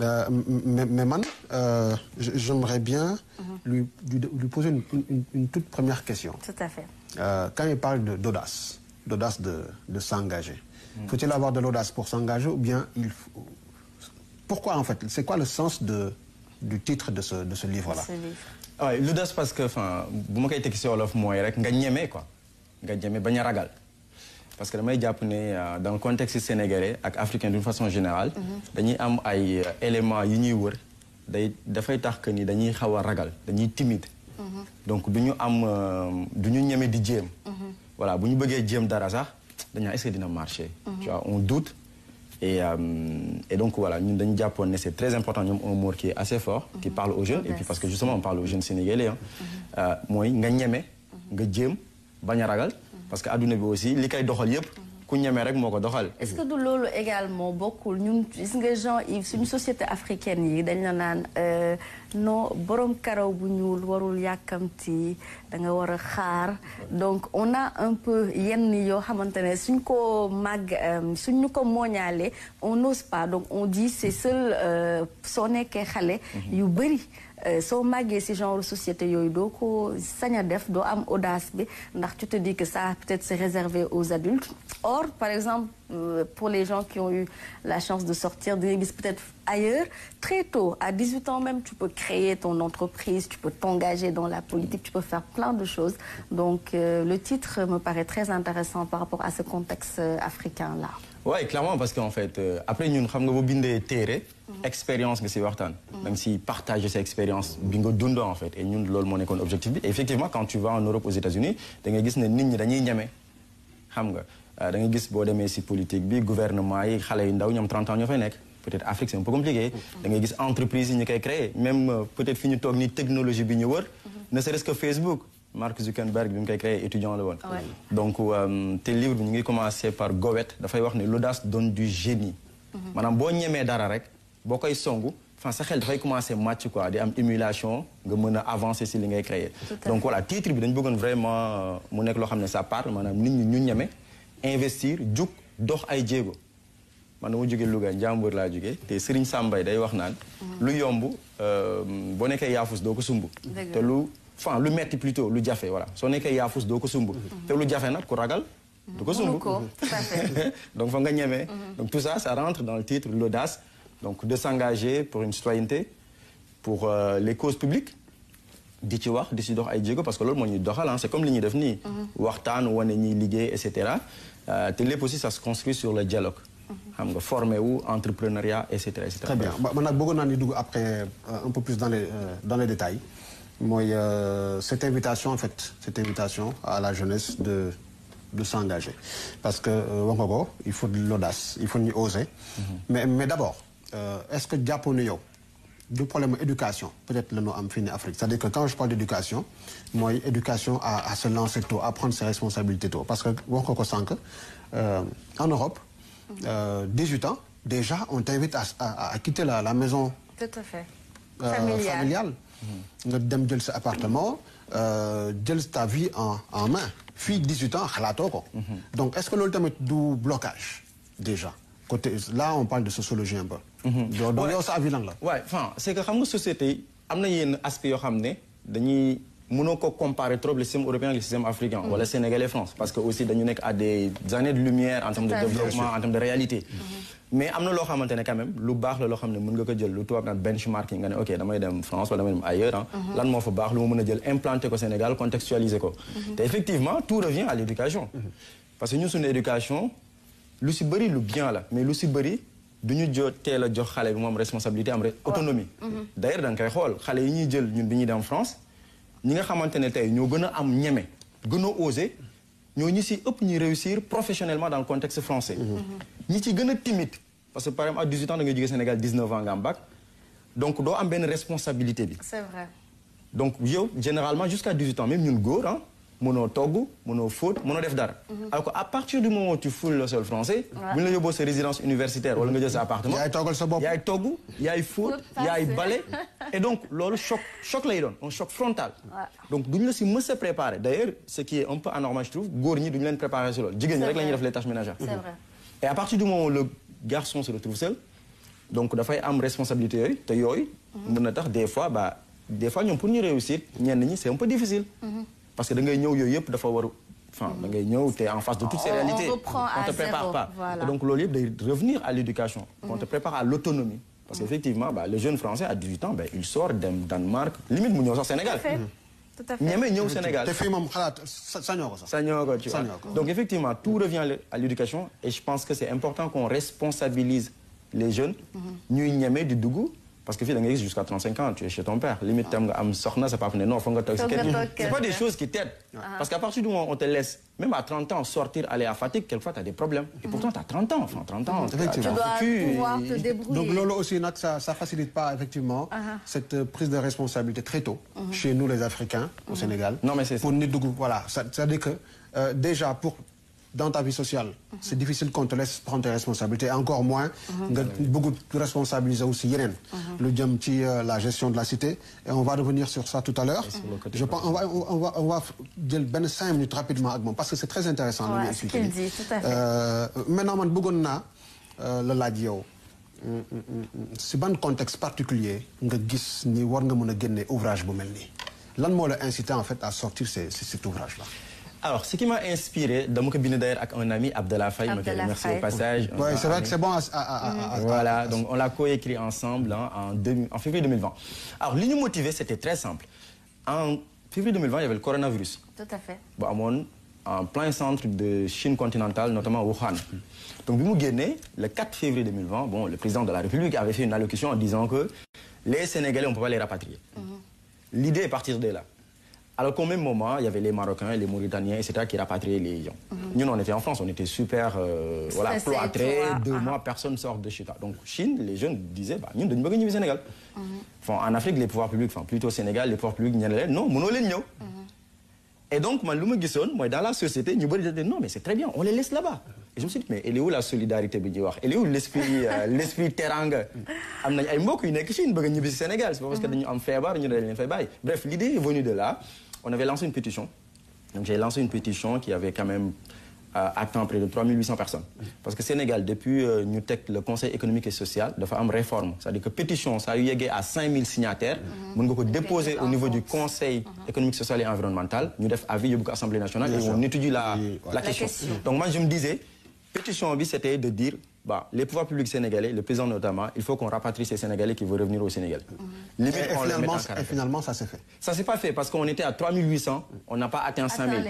Euh, mais, man, euh, j'aimerais bien mhm. lui, poser une, toute première question. Tout à fait. Euh, quand il parle d'audace, d'audace de, s'engager, mhm. faut-il avoir de l'audace pour s'engager ou bien il faut... Pourquoi en fait C'est quoi le sens de, du titre de ce, livre-là L'audace parce que, enfin, vous m'avez question, moi, quoi. mais parce que les Japonais, euh, dans le contexte sénégalais et africain d'une façon générale. ils ont des éléments qui ñuy wër day dafay tax que ni mhm. donc du ñu am euh, du ñu di mhm. voilà bu ñu bëggee dara sax est-ce que dina marché. Mhm. on doute. Et, euh, donc voilà, nous avons c'est très important, nous avons un mot qui est assez fort, qui parle aux jeunes, et puis parce que justement on parle aux jeunes sénégalais. Moi, hein. des mm des euh, parce que aduna bi aussi li kay doxal yépp ku ñëmé rek moko doxal. est-ce que du lolu également bokul ñun gis nga Jean-Yves suñu société africaine yi dañ la naan euh, non borom karaw bu ñuul warul yakamti da nga wara xaar donc on a un peu yenn yo xamantene suñ ko mag euh, suñ ko moñalé on n'ose pas donc on dit c'est seul euh, soné ke xalé mhm. yu bëri. Euh, so màggee genre société yoy une ko def am audace bi tu te dis que ça peut-être c'est réservé aux adultes or par exemple euh, pour les gens qui ont eu la chance de sortir de l'église peut-être ailleurs très tôt à 18 ans même tu peux créer ton entreprise tu peux t'engager dans la politique tu peux faire plein de choses donc euh, le titre me paraît très intéressant par rapport à ce contexte africain là. Oui, ouais, clairement parce qu'en fait après nous, xam nga mm-hmm. expérience que c'est Mm. même s'ils partagent ces expériences, bingo, nga en fait et ñun loolu moo nekkoon objectif bi effectivement quand tu vas en Europe aux États-Unis da vois gis ne nit ñi dañuy pas xam nga euh, da ngay gis boo demee les politique bi gouvernement yi xale yu ndaw ñoom 30 ans ñoo fay peut-être Afrique c'est un peu compliqué mm. da vois, gis entreprise yi ñu créer même euh, peut-être fi ñu toog ni technologie bi ñu wër mm-hmm. ne serait-ce que Facebook Mark Zuckerberg bi mu créé étudiant la woon donc euh, tes livre bi ñu ngi commencé par faut dafay wax ne l'audace donne du génie mm-hmm. maanaam boo ñemee dara rek boo koy songu enfin ça xel dafay commencer match quoi di am émulation nga mën avancer si li ngay créer donc voilà titre bi dañ bëggoon vraiment euh, mu nek lo xamné ça parle manam nit ñi ñun ñeme investir juk dox ay djégo man dama joggé Louga Njàmbur la joggé te Serigne Sambay day wax naan mm. lu yomb euh, boo nekkee yaafus doo ko sumbu te lu enfin lu metti plutôt lu jafé voilà soo nekkee yafus doo ko sumb mm-hmm. te lu jafé nak ku ragal du ko sumb donc fa nga ñeme mm-hmm. donc tout ça ça rentre dans le titre l'audace donc de s'engager pour une citoyenneté pour euh, les causes publiques di wax di si parce que l'autre, hein. c'est comme li de def Wartan mhm. waxtaan wane ñuy liggéey et cetera etc. Euh, c'est aussi ça se construit sur le dialogue. Mhm. Former, ou entrepreneuriat etc. très bien bah, man va bëggoon après euh, un peu plus dans les dans les détails euh, cette invitation en fait cette invitation à la jeunesse de. de s'engager. Parce que, euh, il faut de l'audace, il faut oser. Mhm. mais, mais d'abord, euh, est-ce que les Japonais du problème éducation peut-être le nous am en en Afrique c'est-à-dire que quand je parle d'éducation moi éducation à se lancer à prendre ses responsabilités tôt parce que que euh, en Europe. 18 mhm. euh, ans déjà on t'invite à quitter la maison. tout à fait familiale Notre mhm. dem appartement ta vie en main Fille 18 ans la mhm. donc est-ce que nous avons du blocage déjà là on parle de sociologie un peu donc mm-hmm. yow sa avis lan la. waay enfin c'est que xam nga société yi am na yenn aspects yoo xam ne dañuy mënoo ko comparer trop le système européen ak le système africain. Mm-hmm. wala Sénégal et France parce que aussi dañu n'ek à des années de lumière en termes de développement en termes de réalité. Mm-hmm. mais am na loo quand même lu baax la loo xam ne mën ko jël lu tubaab naan benchmarking nga ne ok damay dem France wala damay dem ailleurs ah. lan moo fa baax lu ma mën a jël implanté ko Sénégal contextualiser ko. te effectivement tout revient à l'éducation, parce que ñun suñu éducation lu si bëri lu bien la mais lu si bëri. Nous avons une responsabilité, responsabilité am autonomie mhm. d'ailleurs dans nga koy xool yi ñuy jël ñun bi France Nous nga que nous sommes ñoo gën am ñeme gën a osé ñoo ñi réussir professionnellement dans le contexte français Nous sommes plus timide parce que par exemple à 18 ans da ngay au Sénégal 19 ans bac donc nous avons une responsabilité c'est vrai donc généralement jusqu'à 18 ans même ñun sommes hein, ah Monotogu, togu mono mono def dara. Mhm. alors à partir du moment où tu foules le sol français. bu ñu la yóbboo résidence universitaire wala nga jël sa appartement. yaay togu, sa y yaay togu yaay y yaay ballet. et donc loolu choc choc lay doon un choc frontal. donc duñu la si mës préparer D'ailleurs, ce qui est un peu anormal je trouve góor ñi duñu leen préparer si loolu. jigéen rek la def les tâches ménagères. vrai et à partir du moment où le garçon se retrouve seul. donc fay am responsabilité yooyu te yooyu. Mhm. mën na tax des fois ba des fois ñom pour ñu réussir ñen ñi c'est un peu difficile. Mhm parce que da ngay enfin en face de toutes ces réalités on te prépare pas donc le lieu de revenir à l'éducation on te mm. prépare à l'autonomie parce qu'effectivement bah, le jeune français à 18 ans bah, il sort d'un Danemark limite mu Sénégal, au Sénégal est au Sénégal donc effectivement tout revient à l'éducation et je pense que c'est important qu'on responsabilise les jeunes mm-hmm. ñuy ñeme du Dougou parce que fille d'un jusqu'à 35 ans tu es chez ton père limite ah. tu as am c'est non c'est pas des choses qui t'aident ah. parce qu'à partir du moment où on te laisse même à 30 ans sortir aller à fatigue, quelquefois tu as des problèmes et pourtant tu as 30 ans enfin 30 ans tu dois pouvoir te débrouiller donc Lolo, aussi ça ne facilite pas effectivement ah. cette euh, prise de responsabilité très tôt mm-hmm. chez nous les Africains au mm-hmm. Sénégal non mais c'est ça pour voilà c'est-à-dire que euh, déjà pour dans ta vie sociale. C'est difficile qu'on te laisse prendre tes responsabilités, encore moins beaucoup de responsabiliser aussi yeneen. lu jëm euh, la gestion de la cité et on va revenir sur ça tout à l'heure on va on va cinq minutes rapidement parce que c'est très intéressant de ce euh, maintenant je à vous le laaj Ce mm, mm, mm, contexte particulier nga gis ni war que ouvrage bu mel lan incité en fait à sortir cet ouvrage là alors, ce qui m'a inspiré, dans mon d'ailleurs avec un ami, Abdallah Faye, merci au passage. Oui, c'est vrai que c'est bon à, Voilà, donc on l'a coécrit ensemble hein, en, février 2020. Alors, l'union motivée, c'était très simple. En février 2020, il y avait le coronavirus. Tout à fait. en plein centre de Chine continentale, notamment Wuhan. Donc, le 4 février 2020, bon, le président de la République avait fait une allocution en disant que les Sénégalais, on ne peut pas les rapatrier. Mhm. L'idée est partir de là. Alors qu'au même moment, il y avait les Marocains, les Mauritaniens, etc. qui rapatriaient les gens. Mhm. Nous, on était en France, on était super euh, voilà, cloîtrés, deux ah. mois, personne ne sort de chez toi. Donc, Chine, les jeunes disaient, bah, nous, nous sommes au Sénégal. Mhm. en Afrique, les pouvoirs publics, enfin, plutôt au Sénégal, les pouvoirs publics, non, nous sommes et donc, moi, dans la société, nous dit non, mais c'est très bien, on les laisse là-bas. Et je me suis dit, mais elle est où la solidarité Elle est où l'esprit euh, l'esprit teranga Il y a beaucoup qui sont au Sénégal, c'est pas parce qu'ils ont fait Bref, l'idée est venue de là on avait lancé une pétition. Donc j'ai lancé une pétition qui avait quand même euh, atteint près de 3800 personnes. Parce que Sénégal, depuis New euh, le Conseil économique et social, de faire une réforme. C'est-à-dire que pétition, ça a eu à 5000 signataires. Nous avons déposé au niveau du Conseil mhm. économique, social et environnemental. Nous avons avis de l'Assemblée nationale et on étudie la, question. Donc moi, je me disais, pétition, c'était de dire bah, les pouvoirs publics sénégalais, le président notamment, il faut qu'on rapatrie ces Sénégalais qui veulent revenir au Sénégal. Mm-hmm. Et, finalement, ça s'est fait Ça s'est pas fait parce qu'on était à 3800, on n'a pas atteint 5000.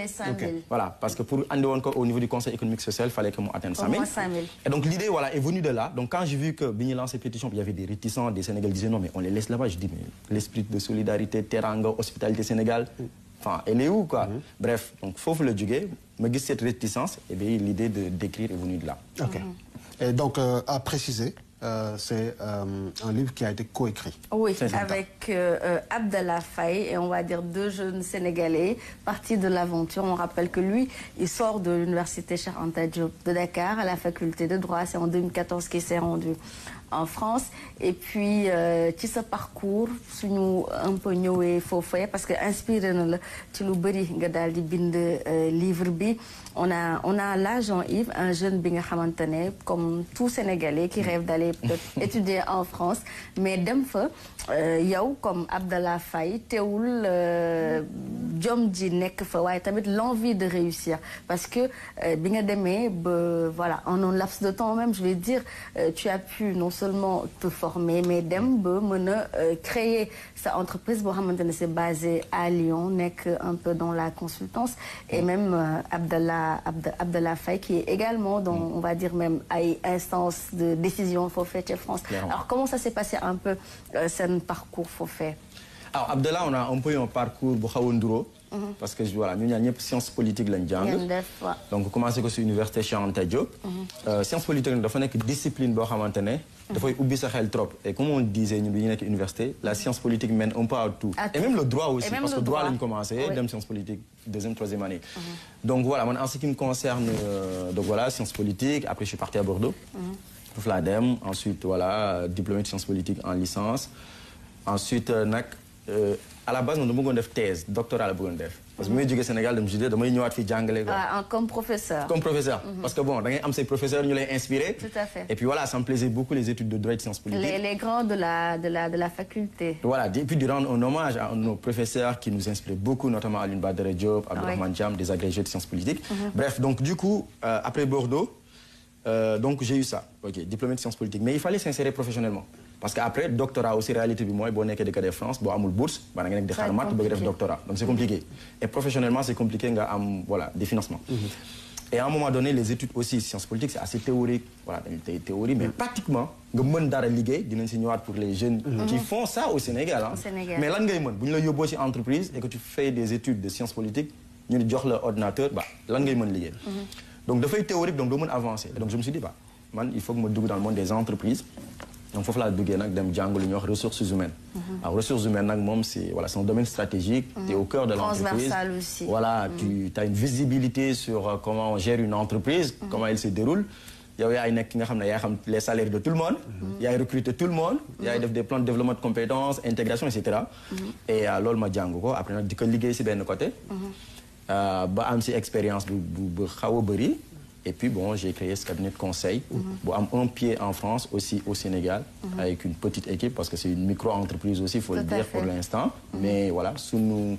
Voilà, parce que pour encore au niveau du Conseil économique social, il fallait qu'on atteigne 5000. et donc l'idée voilà, est venue de là. Donc quand j'ai vu que lance ses pétition, il y avait des réticents, des Sénégalais disaient non, mais on les laisse là-bas. Je dis, mais l'esprit de solidarité, Teranga, hospitalité Sénégal, mm. Enfin, elle est où, quoi mm-hmm. Bref, donc, faut le juger. Mais cette réticence, et bien, l'idée de d'écrire est venue de là. OK. Mm-hmm. Et donc, euh, à préciser, euh, c'est euh, un livre qui a été coécrit. Oui, avec Abdallah Faye et on va dire deux jeunes Sénégalais partis de l'aventure. On rappelle que lui, il sort de l'université Charanta de Dakar à la faculté de droit. C'est en 2014 qu'il s'est rendu en France et puis euh, ci ce parcours nous un peu faux faire parce que inspiré na la ci lu euh, livre b on a on a là Jean-Yves un jeune bi comme tout Sénégalais qui rêve d'aller étudier en France mais dem fa euh, yow comme Abdallah Faye teewul j'ai fa l'envie de réussir parce que euh, bi voilà en un laps de temps même je vais dire euh, tu as pu non seulement te former mais dem euh, créer sa entreprise boo est c'est basé à Lyon n'est un peu dans la consultance et même Abdallah Abdallah Faye qui est également dans mm. on va dire même à instance de décision fait chez France alors comment ça s'est passé un peu ce parcours fait? alors ah, Abdallah on a un peu un parcours bu xaw a mhm. parce que voilà ñu ñaar ñëpp science politique Donc, on donc commencé à l'université université Cheikh Anta Diop mhm. euh, science politique y a une discipline qui est y importante. sa trop et comme on disait il y a une université la mhm. science politique mène un peu à tout et même le droit aussi parce que le droit a commencé même science politique deuxième troisième année donc voilà en ce qui me concerne euh, donc voilà science politique après je suis parti à Bordeaux foofu laa ensuite voilà diplômé de sciences politiques en licence ensuite euh, NAC. Euh, à la base nous avons une thèse doctorat la parce que suis may au Sénégal je suis damay ñëwaat fii jàngale. en ah, comme professeur. comme professeur. Mhm. parce que bon nous ces professeurs nous l'ont inspiré. tout à fait et puis voilà ça me plaisait beaucoup les études de droit et de sciences politiques. les grands de la de la de la faculté. voilà et puis de rendre un hommage à nos professeurs qui nous inspiraient beaucoup notamment Aline Badere Diop. Jam des agrégés de sciences politiques. Mhm. bref donc du coup euh, après Bordeaux euh, donc j'ai eu ça ok diplômé de sciences politiques mais il fallait s'insérer professionnellement parce qu'après, le doctorat aussi réalité bi je suis cas de France a amul bourse ba nga nekk di mat doctorat donc c'est compliqué et professionnellement c'est compliqué nga am voilà des financements mm-hmm. et à un moment donné les études aussi sciences politiques c'est assez théorique voilà une théorie mais pratiquement nga monde dara ligué, d'une enseignante pour les jeunes mm-hmm. qui font ça hein. au Sénégal mais lan ngay mën une entreprise et que tu fais des études de sciences politiques ñu jox un ordinateur ba lan ngay Donc de mm-hmm. donc dafay théorique donc le monde avancer donc je me suis dit bah il faut que me dugg dans le monde des entreprises donc faut faut duggee nag dem jàng lu ressources humaines. Mhm. Les ressources humaines sont c'est voilà un domaine stratégique. Mhm. tu es au cœur de l'entreprise transversal aussi. voilà mhm. tu as une visibilité sur euh, comment on gère une entreprise. comment elle se déroule. Il y a les salaires de tout le monde. il y a recrutes de tout le monde. il y a des plans de développement de compétences intégration et et que euh, je jàng après nag di ko liggéey si côté. Euh, ba am une expérience bu de et puis, bon, j'ai créé ce cabinet de conseil. Mhm. Bon, un pied en France, aussi au Sénégal, mhm. avec une petite équipe, parce que c'est une micro-entreprise aussi, il faut le dire pour l'instant. Mhm. Mais voilà, sous nous.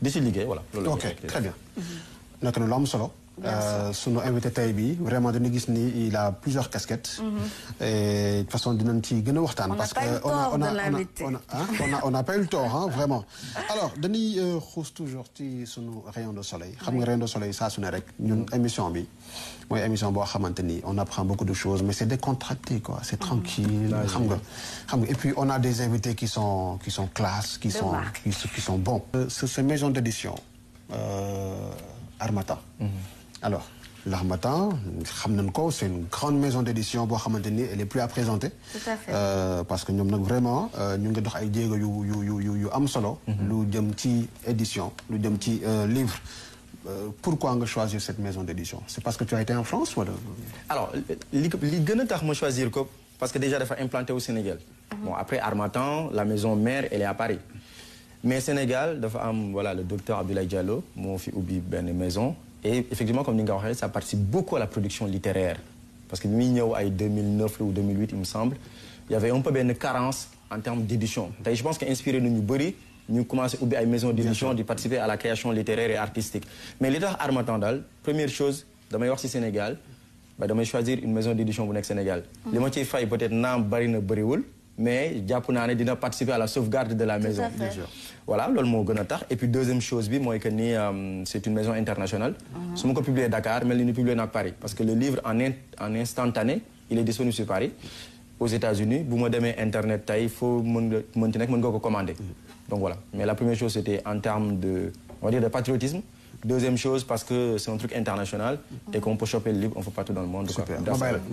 d'ici voilà. ok très bien. Notre Notre nous euh, invité tay bi vraiment dañu gis il a plusieurs casquettes. Mm-hmm. et de façon de ci parce que on a on a on a on on pas eu le hein vraiment. alors dañuy euh, xuus toujours ci son rayon de soleil. xam nga rayon de soleil ça su ne rek émission bi mooy émission bon on apprend beaucoup de choses mais c'est décontracté quoi c'est mm-hmm. tranquille xam nga et puis on a des invités qui sont qui sont classe qui sont qui sont bons. Euh, c'est maison d'édition euh, Armata. Mm-hmm. Alors, l'Armatan, c'est une grande maison d'édition, elle est plus à présenter. Tout à fait. Euh, parce que nous avons vraiment, nous avons des petite édition, nous avons euh, livre. Euh, pourquoi on choisir cette maison d'édition C'est parce que tu as été en France ou Alors, je choisir parce que déjà, elle est implantée au Sénégal. Mhm. Bon, après Armatan, la maison mère, elle est à Paris. Mais au Sénégal, voilà, le docteur Abdoulaye Diallo, mon fils Oubi, ben maison, et effectivement, comme Ninga ça participe beaucoup à la production littéraire. Parce que Mignot, en 2009 ou 2008, il me semble, il y avait un peu une carence en termes d'édition. Je pense qu'inspiré de nous, nous commençons à une maison d'édition, de participer à la création littéraire et artistique. Mais l'État Armatandal, première chose, dans au Sénégal, bah, de choisir une maison d'édition pour le Sénégal. Le moitié Les peut-être n'ont pas mais Diapounane dina participer à la sauvegarde de la maison voilà loolu au et puis deuxième chose bi que euh, c'est une maison internationale Ce uh-huh. ma publier Dakar mais ni est publier à Paris parce que le livre en en instantané il est disponible sur Paris aux États-Unis Vous ma demee internet il faut que nga mënti nekk mm-hmm. donc voilà mais la première chose c'était en termes de on va dire de patriotisme deuxième chose parce que c'est un truc international mm-hmm. et qu'on peut choper le livre on pas tout dans le monde. super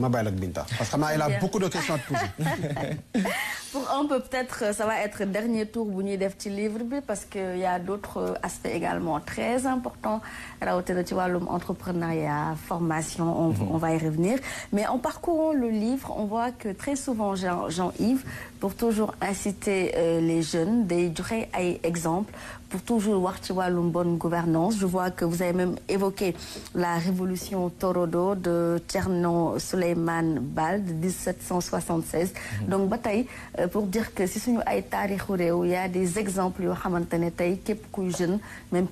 ma belle, la Binta parce que a beaucoup de questions à te poser. peut peut-être, ça va être dernier tour bu des def livre parce qu'il y a d'autres euh, aspects également très importants à la hauteur entrepreneuriat formation mhm. on, va y revenir mais en parcourant le livre on voit que très souvent Jean yves pour toujours inciter euh, les jeunes des vrais ay exemple pour toujours voir une bonne gouvernance. Je vois que vous avez même évoqué la révolution Torodo de Tcherno Suleiman Bal de 1776. Mhm. Donc, bataille euh, pour dire que si nous avons il y a des exemples jeunes, même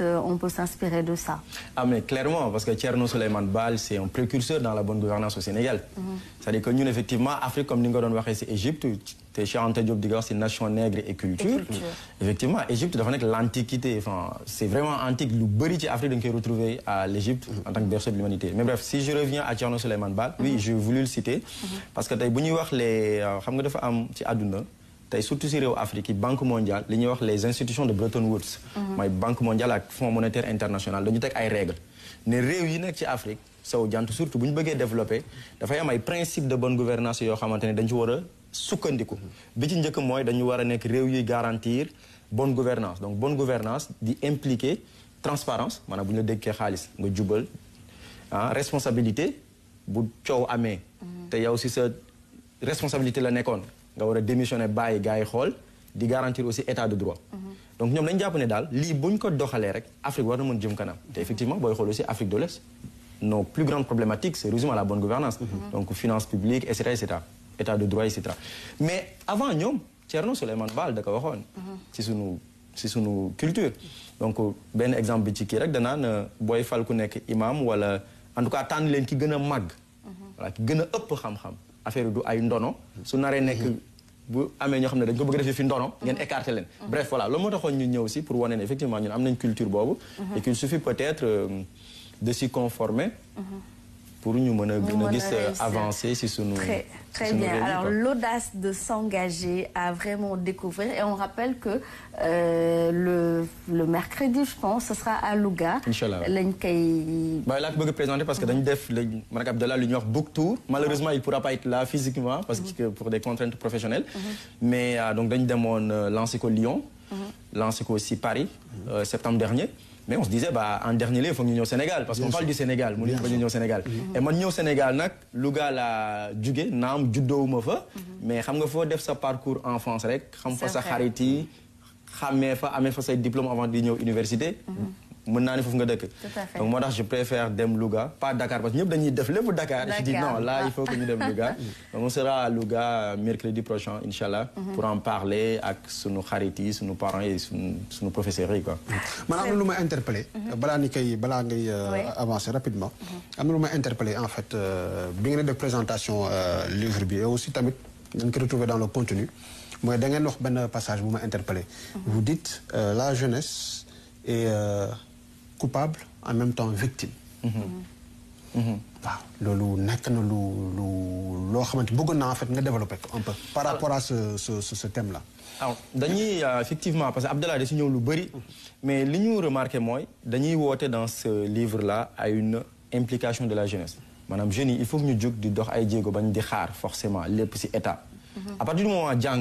euh, on peut s'inspirer de ça. Ah, mais clairement, parce que Tcherno Suleiman Bal, c'est un précurseur dans la bonne gouvernance au Sénégal. Ça -hmm. C'est-à-dire que nous, effectivement, Afrique, comme nous c'est Égypte, tes Cheikh Diop nation nègre et culture effectivement Égypte est avec l'antiquité enfin c'est vraiment antique Le bëri ci Afrique qui est retrouver à l'Égypte mm-hmm. en tant que berceau de l'humanité mais bref si je reviens à Thierno Souleymane Baal oui mm-hmm. je voulais le citer mm-hmm. parce que tu as wax les euh, xam nga dafa am ci àdduna surtout si réew Afrique banque mondiale les institutions de Bretton Woods mais banque mondiale le fonds monétaire international dañu teg ay règles ne réew yi nekk ci Afrique sow jant surtout si ñu bëggee développer dafay am ay principes de bonne gouvernance yoo xamante dañ ci sukkandiku bi ci njëkk moy dañu wara nek nekk réew yuy garantir bonne gouvernance donc bonne gouvernance di impliquer transparence manam buñu dire la responsabilité nga jubal ah responsabilité bu y amé té yow si sa responsabilité la nekkoon nga wara démissioner démissionner bàyyi xol di garantir aussi état de droit mm-hmm. donc nous, lañu japp né dal li buñ ko doxalé rek Afrique wara jëm kanam effectivement boy xol aussi Afrique de l'Est nos plus grandes problématiques c'est résumé à la bonne gouvernance mm-hmm. donc les publiques, publiques, etc., état de droit et mais avant ñoom Thierno Souleymane Baal da ko waxoon. ci mhm. sunu ci sunu culture. donc ben exemple bi ci kii rek danaan euh, booy fal ku nekk imam wala en tout cas tànn leen ki gën a màgg. Mhm. voilà ki gën a xam-xam affaire du ay ndono mhm. su naree nekk. bu amee ñoo xam ne dañ ko bëgg defee fi ndono ngeen écarté leen bref voilà le moo taxoon ñu ñëw si pour wane effectivement ñun am nañ culture boobu et qu'il suffit peut-être euh, de s'y conformer pour nous nous à avancer ce avancer sur nous. très très bien alors l'audace de s'engager à vraiment découvrir et on rappelle que euh, le le mercredi je pense ce sera à Louga. Inch'Allah. Bah, là, je vais vous présenter parce que dans def léegi Abdallah book tour malheureusement il ne pourra pas être là physiquement parce mhm. que pour des contraintes professionnelles. Mhm. mais euh, donc dañu demoon euh, lancer Lyon. Mhm. lancer aussi Paris septembre dernier mais on se disait bah en dernier lieu il faut venir au Sénégal parce qu'on parle du Sénégal Et moi, au Sénégal mm-hmm. et moi, au Sénégal nag Louga laa jóge naam juddoowuma fa mm-hmm. mais xam nga foo def sa parcours enfance rek xam fa sa xarit yi faire fa fa diplôme avant d'aller à l'université. Mm-hmm mën naa ni foofu nga donc moi, je préfère dem Louga pas Dakar parce que ñëpp dañuy def à Dakar je dis non là il faut que ñu dem Louga donc on sera à Louga mercredi prochain incha mhm. pour en parler avec nos xarit nos parents et nos professeurs quoi mm. man nous na ma interpellé mhm. euh, ni koy ngay euh, avancer rapidement on va nous ma interpellé en fait euh, bi ngeen def présentation livre bi et aussi tamit nous retrouver dans le contenu moi da ngeen wax passage bu ma interpellé mhm. vous dites la jeunesse et coupable en même temps victime mm-hmm. Mm-hmm. waaw ce que na lu en fait développé un peu par rapport à ce ce ce thème là alors dañuy euh, effectivement parce que a da si ñëw lu mais li ñu remarqué c'est dañuy dans ce livre là à une implication de la jeunesse Madame génie, il faut ñu nous di dox ay jéego bañ di forcément les petits états. Mm-hmm. à partir du moment où nga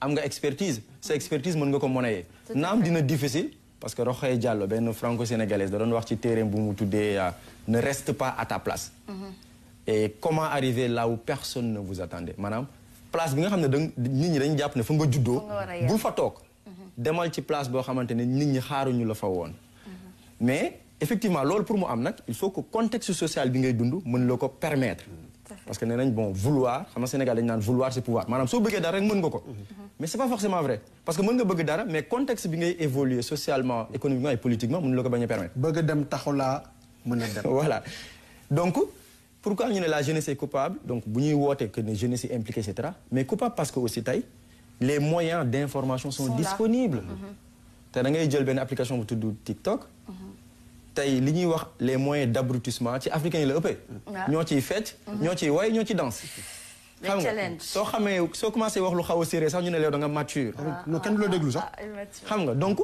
am une expertise Cette expertise nous nga ko monnayer naam dina difficile parce que Rokhaya Diallo ben franco-sénégalaise da doon wax ci terrain bu mu euh, ne reste pas à ta place. Mm-hmm. et comment arriver là où personne ne vous attendait madame. place bi nga xam ne ni nit ñi dañu jàpp ne fa nga juddoo. bul fa toog. Mm-hmm. demal ci place bo xamante ne nit ñi xaaruñu la fa woon. Mm-hmm. mais effectivement lool pour mu am nak il faut que contexte social bi ngay dund mën la ko permettre. parce que nee bon vouloir xam nga Sénégal dañ naan vouloir c'est pouvoir manam so bëggee dara rek mën nga ko mais ce n'est pas forcément vrai parce que le nga bëgg dara mais contexte bi évolué socialement économiquement et politiquement mën ne ko pas permettre. bëgg dem voilà donc pourquoi ñu la jeunesse est coupable donc bu ñuy que la jeunesse est impliquée etc. mais coupable parce que aussi les moyens d'information sont, disponibles. Vous avez une jël application bu TikTok. Mm-hmm. tey li les moyens d'abrutissement ci africains ils la des ñoo ils fecc. ñoo ciy way mm-hmm. ñoo danse. C'est un challenge. Si soo commencé wax lu xaw a sax ñu mature. waaw ah, kenn du C'est sax. Ah, ah, donc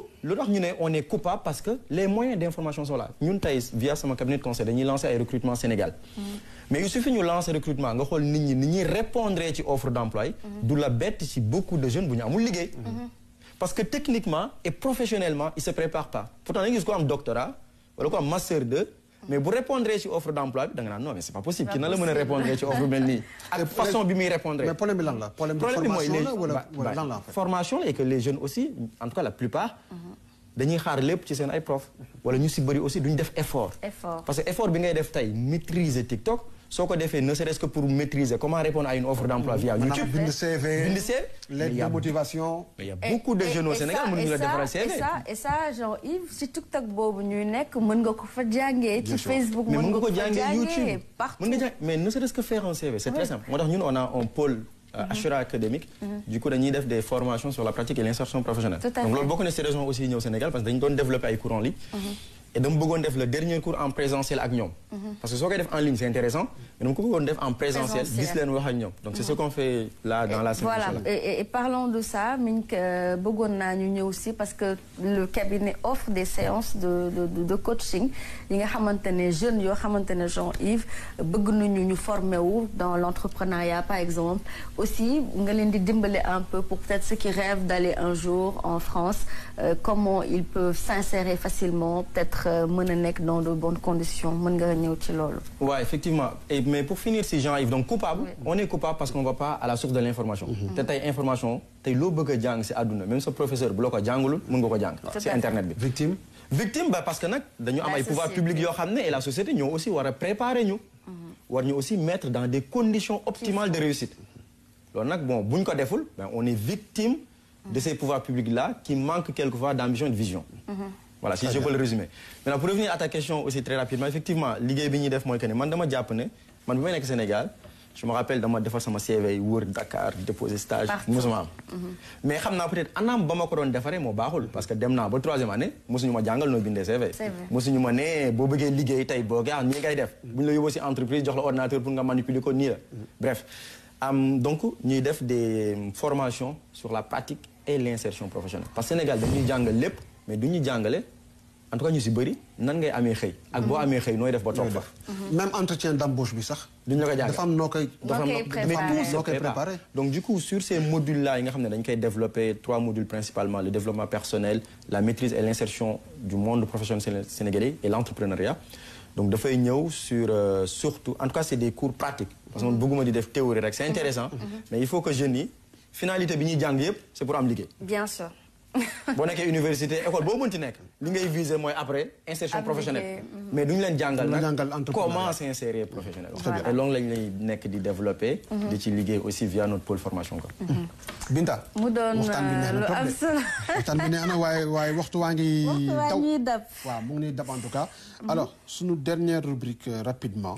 on est coupable parce que les moyens d'information sont là Nous, via mon cabinet de conseil nous lancé un recrutement Sénégal. Mm. mais il suffit de lancer un recrutement nga xool nit ñi ni ci offre d'emploi. Mm-hmm. D'où la bête ci beaucoup de jeunes bu ñu amul mm-hmm. parce que techniquement et professionnellement ils se préparent pas pourtant ils ont un doctorat wala ko master 2 mais vous répondre sur offre d'emploi, non mais c'est n'est pas possible Qui n'allait me répondre ci offre mais ni. façon bi muy répondre mais problème là. problème la problème bi la formation et que les jeunes aussi en tout cas la plupart mhm. dañuy xaar lépp ci seen ay prof wala ñu si aussi duñ def effort parce que effort bi ngay def tey maîtriser TikTok Sauf ko defee ne serait-ce que pour maîtriser comment répondre à une offre d'emploi via YouTube. bind CV lettre de motivation. mais y' a beaucoup de jeunes au Sénégal mënuñu la defaral CV. et ça et ça genre Yves si TikTok boobu ñuy nekk mën nga ko fa jàngee. ci Facebook mën nga ko fa partout. mais ne serait-ce que faire un CV c'est très simple. Moi, nous, ñun on a un pôle. Euh, mhm. Ashura académique. Mhm. du coup on def des formations sur la pratique et l'insertion professionnelle. donc beaucoup de ces ci aussi aussi au Sénégal parce que dañu doon développer ay cours en mhm et donc, bëggoon faire le dernier cours en présentiel avec mhm. parce que ce qu'on fait en ligne c'est intéressant mais nous, on en présentiel gis wax ak donc c'est ce mhm. qu'on fait là dans la semaine. voilà et parlons de ça Nous euh, bëggoon aussi parce que le cabinet offre des séances de de de coaching Nous nga a jeunes nous avons Jean-Yves nous avons ñu former dans l'entrepreneuriat par exemple aussi nous leen di dimbale un peu pour peut-être ceux qui rêvent d'aller un jour en France euh, comment ils peuvent s'insérer facilement peut-être tax euh, dans de bonnes conditions mën nga effectivement mais pour finir ces gens, ils sont coupables. on est coupable parce qu'on ne va pas à la source de l'information. information. Mhm. information tey loo bëgg a jàng si le même ce professeur bloque la ko c'est internet victime. victime ba parce que nak, dañu am ay pouvoir public ont, et la société ñoo aussi war préparer nous, mhm. war ñu aussi mettre dans des conditions optimales de réussite. Donc, nak bon bu ko ben on est victime. de ces pouvoirs publics là qui manquent quelquefois d'ambition et de vision. Mhm voilà si je peux le résumer maintenant pour revenir à ta question aussi très rapidement effectivement liggéey bi def mooy que ne man dama jàpp ne man bi may Sénégal je me rappelle dama defar sama CV wër Dakar déposer stage mosuma am mhm. mais xam naa peut-être anam ba ma ko doon defaree moo baaxul parce que dem naa ba troisième année mosuñu ma jàngal noo bindee CV mosuñu ma ne boo bëggee liggéey tey boo gaa nii ngay def bu ñu la yóbboo si entreprise jox la ordinateur pour nga manipuler ko nii la mhm. bref donc ñuy def des formations sur la pratique et l'insertion professionnelle parce que Sénégal nous jàngal lépp mais duñu ñu en tout cas ñu en bëri nan ngay amé xey ak sommes amé xey noy def ba top même entretien d'embauche bi sax. duñ la ko jàngale dafa am nokay dafa am donc du coup sur ces modules là yi nga xamné dañ koy développé trois modules principalement le développement personnel la maîtrise et l'insertion du monde professionnel sénégalais et l'entrepreneuriat donc nous ñëw sur euh, surtout en tout cas c'est des cours pratiques parce que beaucoup bëgguma di def théorie c'est intéressant mais il faut que je yi finalité bi ñi jàng yépp c'est pour am bien sûr boo nekkee université école bon mënti nekk li ngay viser moi après insertion professionnelle mm-hmm. mais nous leen jungle comment s'insérer professionnellement et loolu lañ lay de di développer mm-hmm. de ci aussi via notre pôle formation quoi mm-hmm. Binta mu doon euh, lu am solo waxtaan bi nee na waaye waxtu waa taw waaw mu ngi dab en tout cas alors sur suñu dernière rubrique euh, rapidement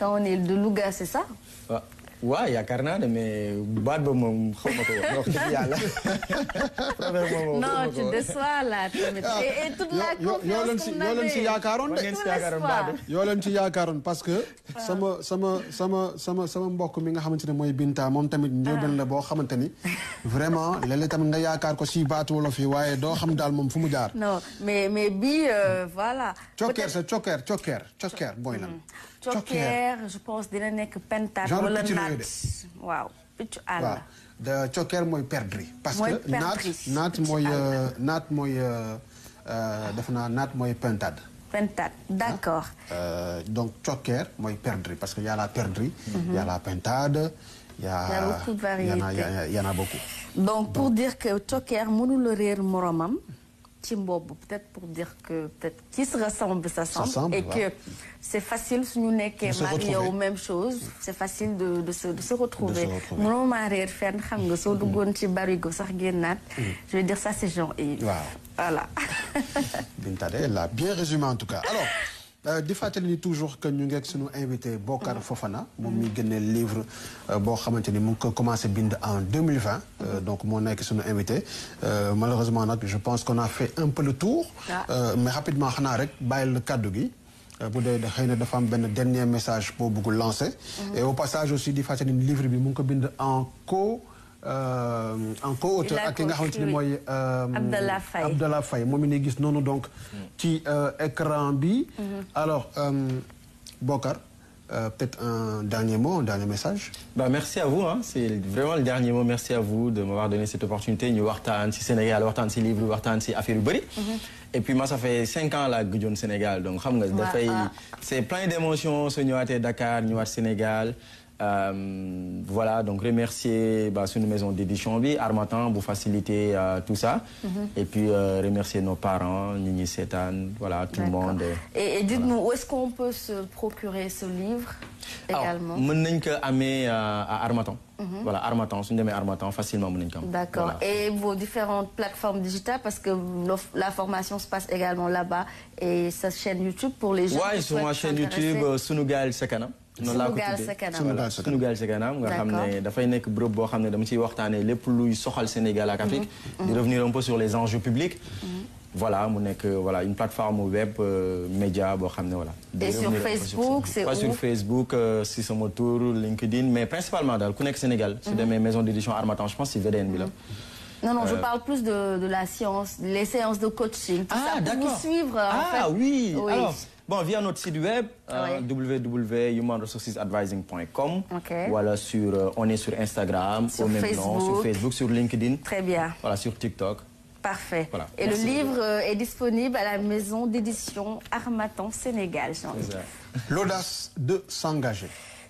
quand on est de Louga c'est ça. Ouais, waaw yaakaar naa ne mais baat ba non tu déçois là tamit. et toute la confiance a avait si de. yoo parce que. Ah. sama sama sama sama sama mbokk mi nga xamante moy Binta mom tamit njóobeen la ah. bo xamante vraiment léeg tam nga yaakaar ko si batu wolof yi waye do xam dal mom fu mu jaar. non mais mais bii euh, voilà. choker sa choker choker cokkeer booy choker je pense dina nek pentaat wala nat waaw piccu àll waaw moi, moy perdri parce que nat nat moy nat moy dafa naa naat mooy pentade pentade ah, d'accord euh, donc choker moy perdri parce que y a la perdri mhm. y a la pentade y y a beaucoup de variétés y en a beaucoup donc pour dire que cokkeer le réer moromam peut-être pour dire que peut-être qui se ressemble s'assemble et que c'est facile si nous n'est mariés aux mêmes choses c'est facile de, de, se, de se retrouver mm-hmm. mm. je veux dire ça c'est Jean et voilà bien résumé en tout cas alors euh, di fàttali toujours que ñu ngi suñu invité Bocar mhm. Fofana mhm. moom mi génne livre euh, boo xamante ni mu ko commencé bind en 2020 euh, mhm. donc mon nekk suñu invité malheureusement nag je pense qu'on a fait un peu le tour ah. mais rapidement xanaa rek bàyyil le cadeau. gi bu dee xëy na dafa am dernier message pour vous lancer et au passage aussi di fàttali ni livre bi mu ko en co euh, encore co-auteur ak nga euh, Abdallah Faye Abdallah Faye moom la donc. Euh, écran bi. Mhm. alors euh, Bokar. peut-être un dernier mot, un dernier message. Bah, merci à vous. Hein. C'est vraiment le dernier mot. Merci à vous de m'avoir donné cette opportunité. Nous avons Sénégal, nous avons livre, nous avons affaire mhm. Et puis moi, ça fait 5 ans que je suis au Sénégal. Donc, ah. c'est plein d'émotions. Nous Dakar, nous au Sénégal. Euh, voilà, donc remercier bah, une maison d'édition, Armatan, pour faciliter euh, tout ça. Mhm. Et puis euh, remercier nos parents, Nini Setan, voilà, tout le monde. Et, dites-nous, où est-ce qu'on peut se procurer ce livre également Alors, nous à Armatan. Mhm. Voilà, Armatan, c'est une Armatan, facilement. D'accord. Et vos différentes plateformes digitales, parce que la formation se passe également là-bas, et sa chaîne YouTube pour les gens. Oui, sur ma chaîne YouTube, Sunugal Sakana noonu laa Sénégal mm-hmm. Mm-hmm. revenir un peu sur les enjeux publics mm-hmm. voilà euh, voilà une plateforme web euh, média et sur Facebook c'est où sur Facebook euh, si son tour LinkedIn mais principalement dans le Sénégal. dans mes maisons d'édition je pense c'est VDN Non, non, je parle plus de, la science, les séances de coaching, tout ah, pour suivre. En ah oui, oui. Bon, via notre site web, euh, ah www.humanresourcesadvising.com. Voilà, sur, euh, on est sur Instagram, sur Facebook. sur LinkedIn. Très bien. Voilà, sur TikTok. Parfait. Et le livre euh, est disponible à la maison d'édition Armatan Sénégal. L'audace de s'engager.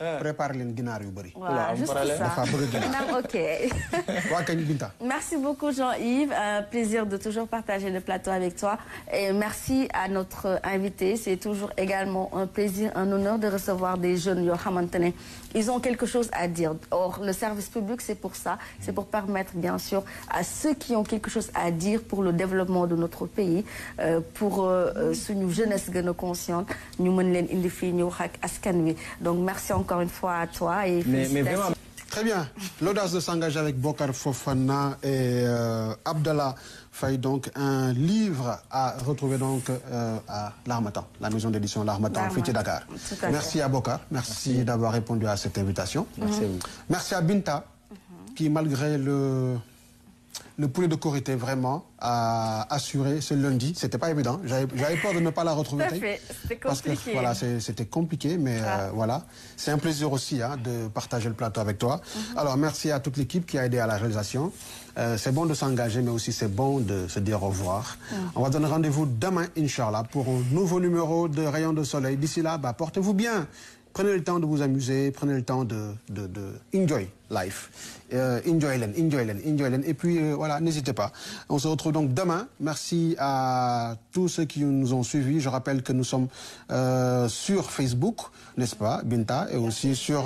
Eh. prépare yu ok. merci beaucoup Jean-Yves un plaisir de toujours partager le plateau avec toi et merci à notre invité c'est toujours également un plaisir un honneur de recevoir des jeunes yo ils ont quelque chose à dire. Or, le service public, c'est pour ça. C'est pour permettre, bien sûr, à ceux qui ont quelque chose à dire pour le développement de notre pays, euh, pour ce euh, New euh, jeunesse que nous consciente, Donc, merci encore une fois à toi. Et Très bien. L'audace de s'engager avec Bokar Fofana et Abdallah faille donc un livre à retrouver donc euh, à l'Armatan, la maison d'édition L'Armatan, Fiti Dakar. merci à Boka, merci, d'avoir répondu à cette invitation. Merci à, Binta, mhm. qui malgré le le poulet de était vraiment a euh, assuré ce lundi. C'était pas évident. J'avais peur de ne pas la retrouver. C'était compliqué. Parce que voilà, c'était compliqué, mais ah. euh, voilà. C'est un plaisir aussi hein, de partager le plateau avec toi. Mm-hmm. Alors merci à toute l'équipe qui a aidé à la réalisation. Euh, c'est bon de s'engager, mais aussi c'est bon de se dire au revoir. Mm. On va donner rendez-vous demain, Inch'Allah, pour un nouveau numéro de Rayon de Soleil. D'ici là, bah, portez-vous bien. Prenez le temps de vous amuser, prenez le temps de, de, de enjoy life. Euh, enjoy Et puis euh, voilà, n'hésitez pas. On se retrouve donc demain. Merci à tous ceux qui nous ont suivis. Je rappelle que nous sommes euh, sur Facebook, n'est-ce pas, Binta, et aussi sur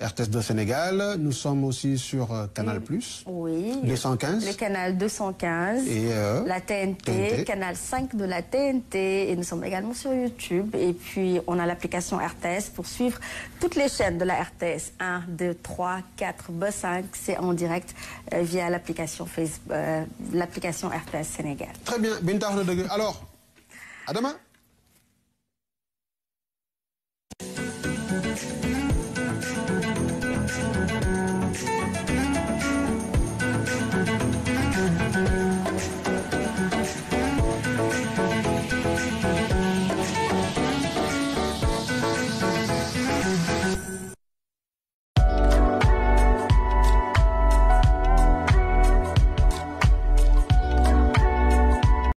RTS de Sénégal. Nous sommes aussi sur Canal Plus. Oui. Le canal 215. Et la TNT, TNT, canal 5 de la TNT. Et nous sommes également sur YouTube. Et puis on a l'application RTS pour suivre toutes les chaînes de la RTS. 1, 2, 3, 4. 4 5, c'est en direct euh, via l'application Facebook, euh, l'application RTS Sénégal. Très bien, Alors, à demain.